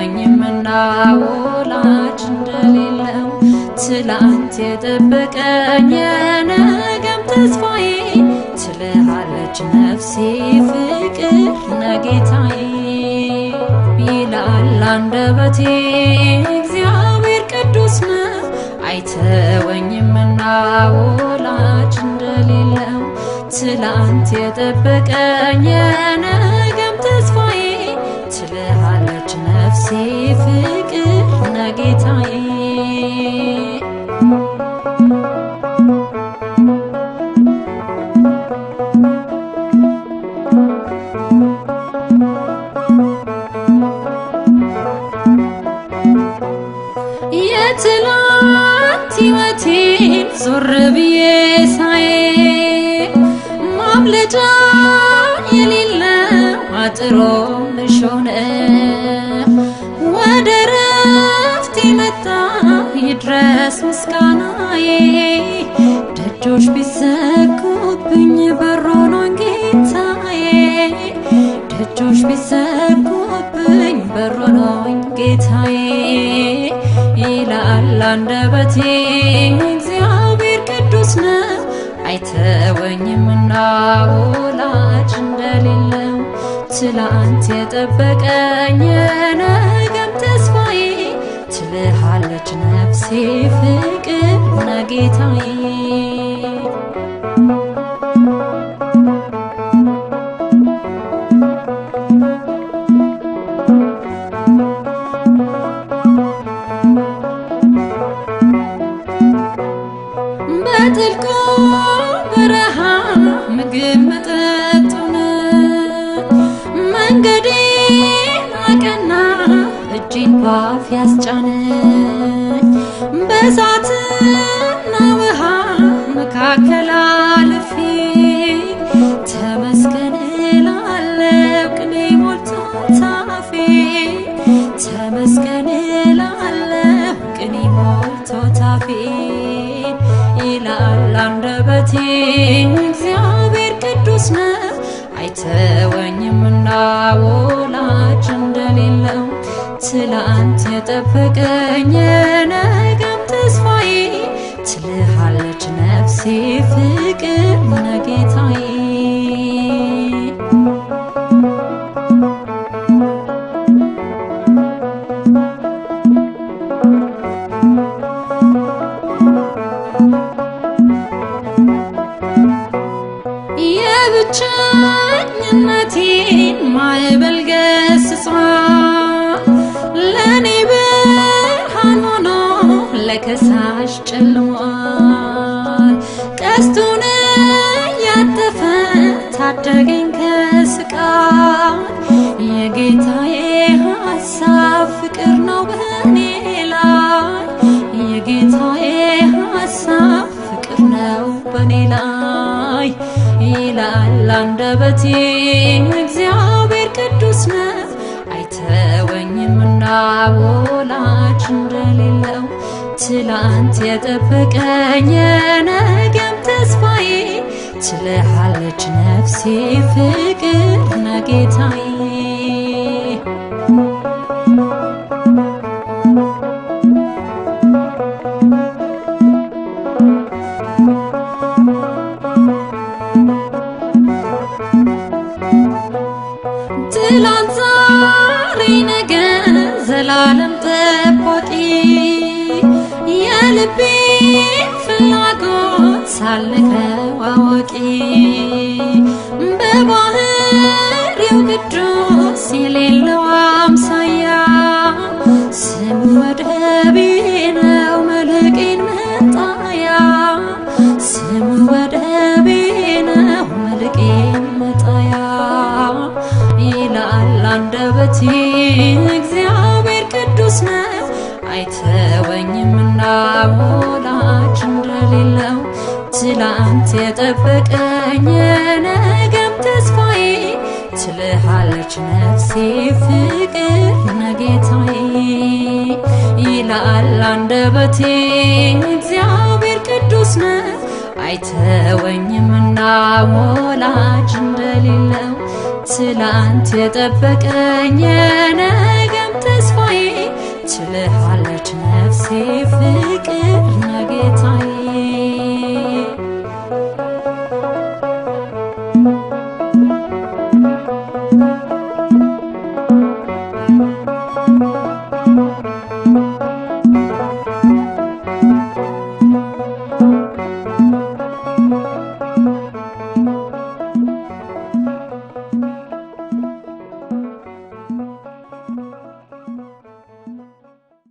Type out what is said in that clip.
አልተወኝም እና ወላጅ እንደሌለው ትላንት የጠበቀኝ የነገም ተስፋዬ ትልሃለች ነፍሴ ፍቅር ነጌታዬ ይላል አንደበቴ እግዚአብሔር ቅዱስ ነው አይተወኝምና እና ወላጅ እንደሌለው ትላንት የጠበቀኝ የትናንት ሕይወቴን ዞር ብዬ ሳይ ማምለጫ የሌለው አጥሮ ምሾነ ወደ ረፍት የመጣ ይድረስ ምስጋናዬ ደጆች ቢዘጉብኝ በሮን ጌታዬ ደጆች ቢዘጉብኝ በሮን ጌታዬ አንደበቴ እግዚአብሔር ቅዱስ ነው አይተወኝምና ወላጅ እንደሌለው ትላንት የጠበቀኝ የነገም ተስፋዬ ትልሃለች ነፍሴ ፍቅር ነጌታዬ የሰጡን መንገዴን አቀና እጅን ባፍ ያስጫነኝ በእሳትና ውሃ መካከል ከሌለው ትላንት የጠበቀኝ ነገም ተስፋዬ ትልሃለች ነፍሴ ብቸኝነቴን ማዕበል ገስጻ ለእኔ ብርሃን ሆኖ ለከሳሽ ጨልሟል። ቀስቱን እያጠፈ ታደገኝ ከስቃይ የጌታዬ ሀሳብ ፍቅር ነው በእኔ ላይ የጌታዬ ሀሳብ ፍቅር ነው በእኔ ላይ ይላል አንደበቴ እግዚአብሔር ቅዱስ ነው አይተወኝምና ወላጅ እንደሌለው ትላንት የጠበቀኝ የነገም ተስፋዬ ትልሃለች ነፍሴ ፍቅር ነጌታዬ የዘላለም ጠባቂ የልቤን ፍላጎት ሳልነግረው አዋቂ በባህሪው ቅዱስ የሌለው አምሳያ ስሙ ወደቤ ነው መልሕቄን መጣያ ስሙ ወደቤ ነው መልሕቄን መጣያ ይላል አንደበቴ አይተወኝምና ወላጅ እንደሌለው ትላንት የጠበቀኝ ነገም ተስፋዬ ትልሃለች ነፍሴ ፍቅር ነጌታዬ ይላል አንደበቴ እግዚአብሔር ቅዱስ ነ አይተወኝምና ወላጅ እንደሌለው ትላንት የጠበቀኝ ነገም ተስፋዬ ችልሃለች ነፍሴ